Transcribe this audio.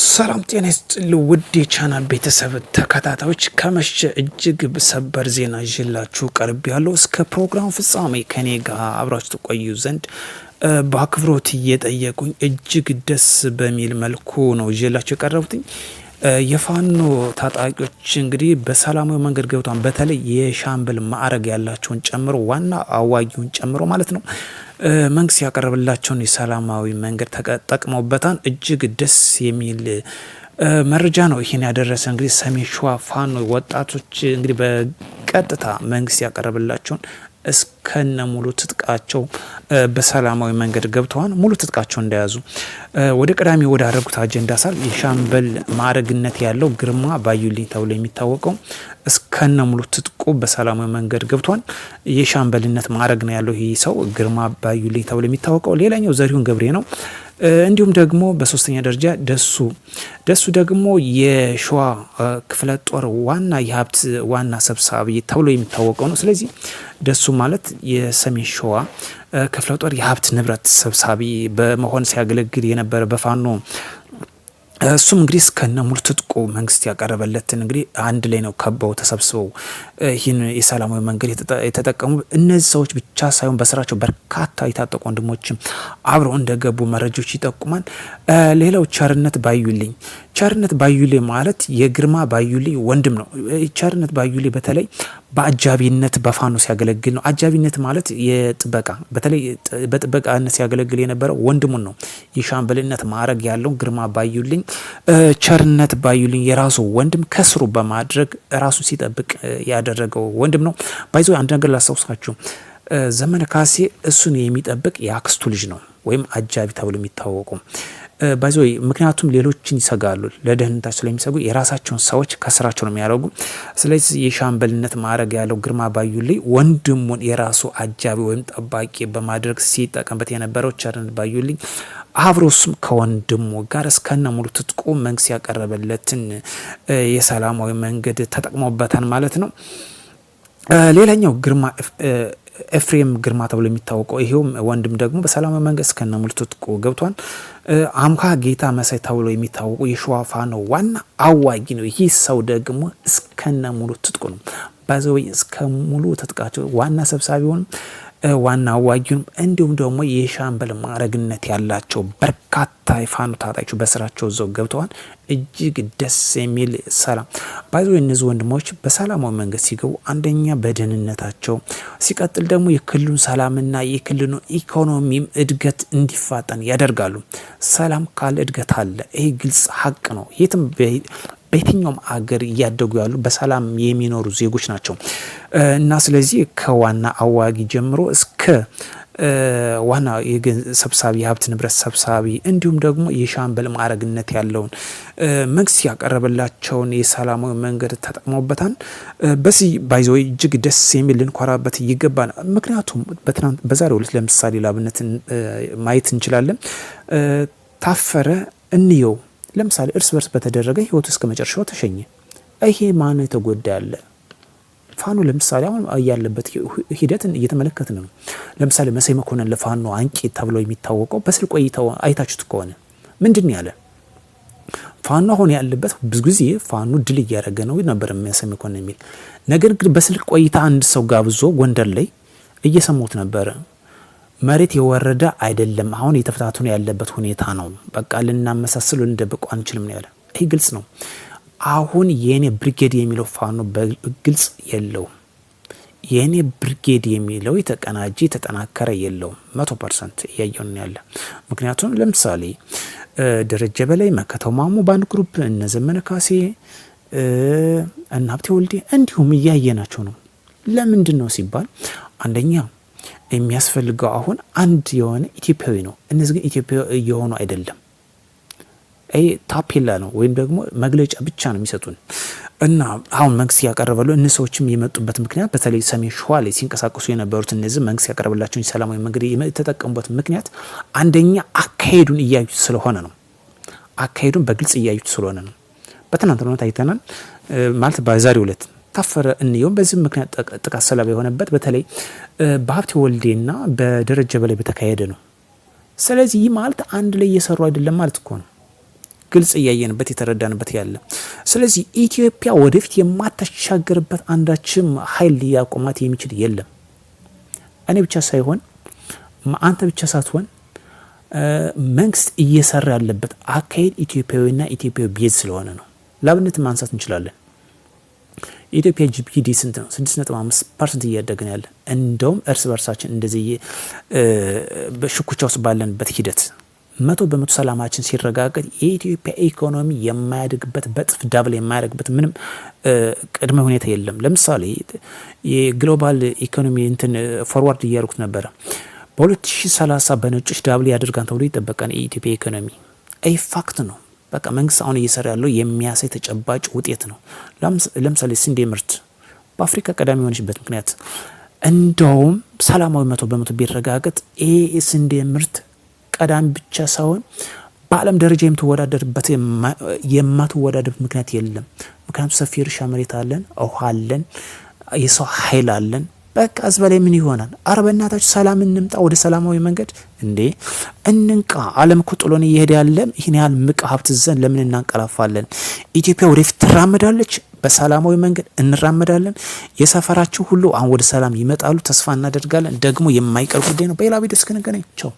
ሰላም ጤና ይስጥል ውድ የቻናል ቤተሰብ ተከታታዮች፣ ከመሸ እጅግ ሰበር ዜና ይዤላችሁ ቀርብ ያለው እስከ ፕሮግራም ፍጻሜ ከኔ ጋር አብራችሁ ትቆዩ ዘንድ በአክብሮት እየጠየቁኝ እጅግ ደስ በሚል መልኩ ነው ይዤላችሁ የቀረቡትኝ። የፋኖ ታጣቂዎች እንግዲህ በሰላማዊ መንገድ ገብቷን በተለይ የሻምበል ማዕረግ ያላቸውን ጨምሮ ዋና አዋጊውን ጨምሮ ማለት ነው መንግስት ያቀረበላቸውን የሰላማዊ መንገድ ተጠቅመውበታን እጅግ ደስ የሚል መረጃ ነው። ይህን ያደረሰ እንግዲህ ሰሜን ሸዋ ፋኖ ወጣቶች እንግዲህ በቀጥታ መንግስት ያቀረበላቸውን እስከነ ሙሉ ትጥቃቸው በሰላማዊ መንገድ ገብተዋል። ሙሉ ትጥቃቸው እንደያዙ ወደ ቀዳሚ ወደ አረጉት አጀንዳ ሳል የሻምበል ማዕረግነት ያለው ግርማ ባዩልኝ ተብሎ የሚታወቀው እስከነ ሙሉ ትጥቁ በሰላማዊ መንገድ ገብቷል። የሻምበልነት ማዕረግ ነው ያለው ይህ ሰው ግርማ ባዩልኝ ተብሎ የሚታወቀው። ሌላኛው ዘሪሁን ገብሬ ነው። እንዲሁም ደግሞ በሶስተኛ ደረጃ ደሱ ደሱ ደግሞ የሸዋ ክፍለ ጦር ዋና የሀብት ዋና ሰብሳቢ ተብሎ የሚታወቀው ነው። ስለዚህ ደሱ ማለት የሰሜን ሸዋ ክፍለ ጦር የሀብት ንብረት ሰብሳቢ በመሆን ሲያገለግል የነበረ በፋኖ እሱም እንግዲህ እስከነ ሙሉ ትጥቁ መንግስት ያቀረበለትን እንግዲህ አንድ ላይ ነው ከበው ተሰብስበው ይህን የሰላማዊ መንገድ የተጠቀሙ እነዚህ ሰዎች ብቻ ሳይሆን በስራቸው በርካታ የታጠቁ ወንድሞችም አብረው እንደገቡ መረጃዎች ይጠቁማል። ሌላው ቸርነት ባዩልኝ፣ ቸርነት ባዩልኝ ማለት የግርማ ባዩልኝ ወንድም ነው። ቸርነት ባዩልኝ በተለይ በአጃቢነት በፋኖ ሲያገለግል ነው። አጃቢነት ማለት የጥበቃ በተለይ በጥበቃነት ሲያገለግል የነበረው ወንድሙን ነው የሻምበልነት ማዕረግ ያለው ግርማ ባዩልኝ ቸርነት ባዩልኝ የራሱ ወንድም ከስሩ በማድረግ ራሱን ሲጠብቅ ያደረገው ወንድም ነው። ባይዞ አንድ ነገር ላስታውሳችሁ፣ ዘመነ ካሴ እሱን የሚጠብቅ የአክስቱ ልጅ ነው ወይም አጃቢ ተብሎ የሚታወቁ ባይዞ ምክንያቱም ሌሎችን ይሰጋሉ፣ ለደህንነታቸው ስለሚሰጉ የራሳቸውን ሰዎች ከስራቸው ነው የሚያደርጉ። ስለዚህ የሻምበልነት ማድረግ ያለው ግርማ ባዩሌ ወንድሙን የራሱ አጃቢ ወይም ጠባቂ በማድረግ ሲጠቀምበት የነበረው ቸርነት ባዩሌ አብሮስም ከወንድሙ ጋር እስከነ ሙሉ ትጥቁ መንግስት ያቀረበለትን የሰላማዊ መንገድ ተጠቅሞበታል ማለት ነው። ሌላኛው ግርማ ኤፍሬም ግርማ ተብሎ የሚታወቀው ይሄውም ወንድም ደግሞ በሰላማዊ መንገድ እስከነ ሙሉ ትጥቁ ገብቷል። አምካ ጌታ መሳይ ተብሎ የሚታወቀው የሸዋ ፋኖ ዋና አዋጊ ነው። ይህ ሰው ደግሞ እስከነ ሙሉ ትጥቁ ነው። ባዘወይ እስከ ሙሉ ትጥቃቸው ዋና ሰብሳቢ ሆንም ዋና አዋጊውን እንዲሁም ደግሞ የሻምበል ማዕረግነት ያላቸው በርካታ የፋኖ ታጣቂዎች በስራቸው ዘው ገብተዋል። እጅግ ደስ የሚል ሰላም ባይዞ እነዚህ ወንድሞች በሰላማዊ መንገድ ሲገቡ አንደኛ በደህንነታቸው፣ ሲቀጥል ደግሞ የክልሉን ሰላምና የክልሉ ኢኮኖሚም እድገት እንዲፋጠን ያደርጋሉ። ሰላም ካለ እድገት አለ። ይህ ግልጽ ሀቅ ነው። የትም በየትኛውም አገር እያደጉ ያሉ በሰላም የሚኖሩ ዜጎች ናቸው እና ስለዚህ ከዋና አዋጊ ጀምሮ እስከ ዋና ሰብሳቢ የሀብት ንብረት ሰብሳቢ እንዲሁም ደግሞ የሻምበል ማዕረግነት ያለውን መንግስት ያቀረበላቸውን የሰላማዊ መንገድ ተጠቅመውበታል። በዚህ ባይዘ እጅግ ደስ የሚል ልንኮራበት ይገባል። ምክንያቱም በትናንት በዛሬው ዕለት ለምሳሌ ላብነትን ማየት እንችላለን። ታፈረ እንየው ለምሳሌ እርስ በርስ በተደረገ ህይወት እስከ መጨረሻው ተሸኘ። ይሄ ማን የተጎዳ ያለ ፋኖ ለምሳሌ አሁን ያለበት ሂደት እየተመለከት ነው። ለምሳሌ መሳይ መኮንን ለፋኖ አንቂ ተብሎ የሚታወቀው በስል ቆይታው አይታችሁት ከሆነ ምንድን ያለ ፋኖ አሁን ያለበት ብዙ ጊዜ ፋኖ ድል እያደረገ ነው ነበር መሳይ መኮንን የሚል ነገር ግን በስልክ ቆይታ አንድ ሰው ጋብዞ ጎንደር ላይ እየሰሙት ነበረ። መሬት የወረደ አይደለም። አሁን እየተፈታተኑ ያለበት ሁኔታ ነው። በቃ ልናመሳስሉ እንደብቁ አንችልም ነው ያለ። ይህ ግልጽ ነው። አሁን የኔ ብርጌድ የሚለው ፋኖ በግልጽ የለውም። የእኔ ብርጌድ የሚለው የተቀናጀ የተጠናከረ የለውም። መቶ ፐርሰንት እያየን ያለ ምክንያቱም ለምሳሌ ደረጀ በላይ፣ መከተው ማሙ በአንድ ግሩፕ፣ እነ ዘመነ ካሴ፣ እነ ሀብቴ ወልዴ እንዲሁም እያየናቸው ነው። ለምንድን ነው ሲባል አንደኛ የሚያስፈልገው አሁን አንድ የሆነ ኢትዮጵያዊ ነው። እነዚህ ግን ኢትዮጵያዊ የሆኑ አይደለም። ታፔላ ነው ወይም ደግሞ መግለጫ ብቻ ነው የሚሰጡን እና አሁን መንግስት ያቀረበሉ እነዚህ ሰዎችም የመጡበት ምክንያት በተለይ ሰሜን ሸዋ ላይ ሲንቀሳቀሱ የነበሩት እነዚህ መንግስት ያቀረበላቸውን ሰላማዊ መንገድ የተጠቀሙበት ምክንያት አንደኛ አካሄዱን እያዩት ስለሆነ ነው። አካሄዱን በግልጽ እያዩት ስለሆነ ነው። በትናንትናው አይተናል ማለት በዛሬው ዕለት ታፈረ እንየውም በዚህም ምክንያት ጥቃት ሰለባ የሆነበት በተለይ በሀብቴ ወልዴና በደረጀ በላይ በተካሄደ ነው። ስለዚህ ይህ ማለት አንድ ላይ እየሰሩ አይደለም ማለት እኮ ነው። ግልጽ እያየንበት የተረዳንበት ያለ። ስለዚህ ኢትዮጵያ ወደፊት የማታሻገርበት አንዳችም ኃይል ሊያቆማት የሚችል የለም። እኔ ብቻ ሳይሆን አንተ ብቻ ሳትሆን መንግስት እየሰራ ያለበት አካሄድ ኢትዮጵያዊና ኢትዮጵያዊ ቤዝ ስለሆነ ነው። ላብነት ማንሳት እንችላለን። የኢትዮጵያ ጂፒዲ ስንት ነው? ስድስት ነጥብ አምስት ፐርሰንት እያደግን ያለ። እንደውም እርስ በርሳችን እንደዚህ በሽኩቻ ውስጥ ባለንበት ሂደት መቶ በመቶ ሰላማችን ሲረጋገጥ የኢትዮጵያ ኢኮኖሚ የማያድግበት በጥፍ ዳብል የማያደግበት ምንም ቅድመ ሁኔታ የለም። ለምሳሌ የግሎባል ኢኮኖሚ እንትን ፎርዋርድ እያደርጉት ነበረ በ2030 በነጮች ዳብል ያደርጋን ተብሎ ይጠበቃል የኢትዮጵያ ኢኮኖሚ። ይህ ፋክት ነው። በቃ መንግስት አሁን እየሰራ ያለው የሚያሳይ ተጨባጭ ውጤት ነው። ለምሳሌ ስንዴ ምርት በአፍሪካ ቀዳሚ የሆነችበት ምክንያት እንደውም ሰላማዊ መቶ በመቶ ቢረጋገጥ ይሄ ስንዴ ምርት ቀዳሚ ብቻ ሳይሆን በዓለም ደረጃ የምትወዳደርበት የማትወዳደር ምክንያት የለም። ምክንያቱም ሰፊ እርሻ መሬት አለን፣ ውሃ አለን፣ የሰው ኃይል አለን። በቃ በላይ ምን ይሆናል? አረ በእናታችሁ ሰላም እንምጣ፣ ወደ ሰላማዊ መንገድ እንዴ እንንቃ። ዓለም እኮ ጥሎን እየሄደ ያለ ይህን ያህል ምቅ ሀብት ዘን ለምን እናንቀላፋለን? ኢትዮጵያ ወደፊት ትራመዳለች። በሰላማዊ መንገድ እንራመዳለን። የሰፈራችሁ ሁሉ አሁን ወደ ሰላም ይመጣሉ፣ ተስፋ እናደርጋለን። ደግሞ የማይቀር ጉዳይ ነው። በሌላ ቪዲዮ እስክንገናኝ ቸው